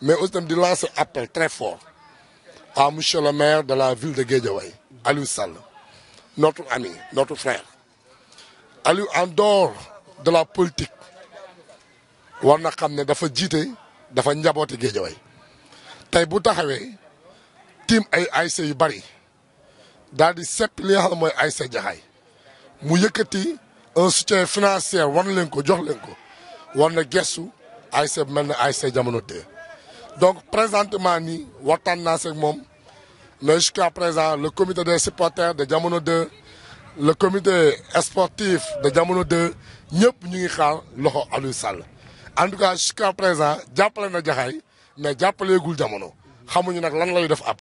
mais aussi tamit di lancer appel très fort à monsieur le maire de la ville de Guédiawaye Aliou Sall notre ami notre frère Aliou en dehors de la politique war na xam ne dafa jiite dafa njabooti Guédiawaye tey bu taxawee tiim ay ASC yu bari daal di sepp li nga xam ne mu yëkkati un soutien financier war na leen ko jox leen ko war na gestu ASC bu jamono tey donc présentement ni jusqu'à présent le comité des supporters de Jamono 2 le comité sportif de Djamono 2 nous avons ngi xaar loxo en tout cas jusqu'à présent jàppale na salle, mais jàppaleegul le xamuñu Nous lan lañu def ab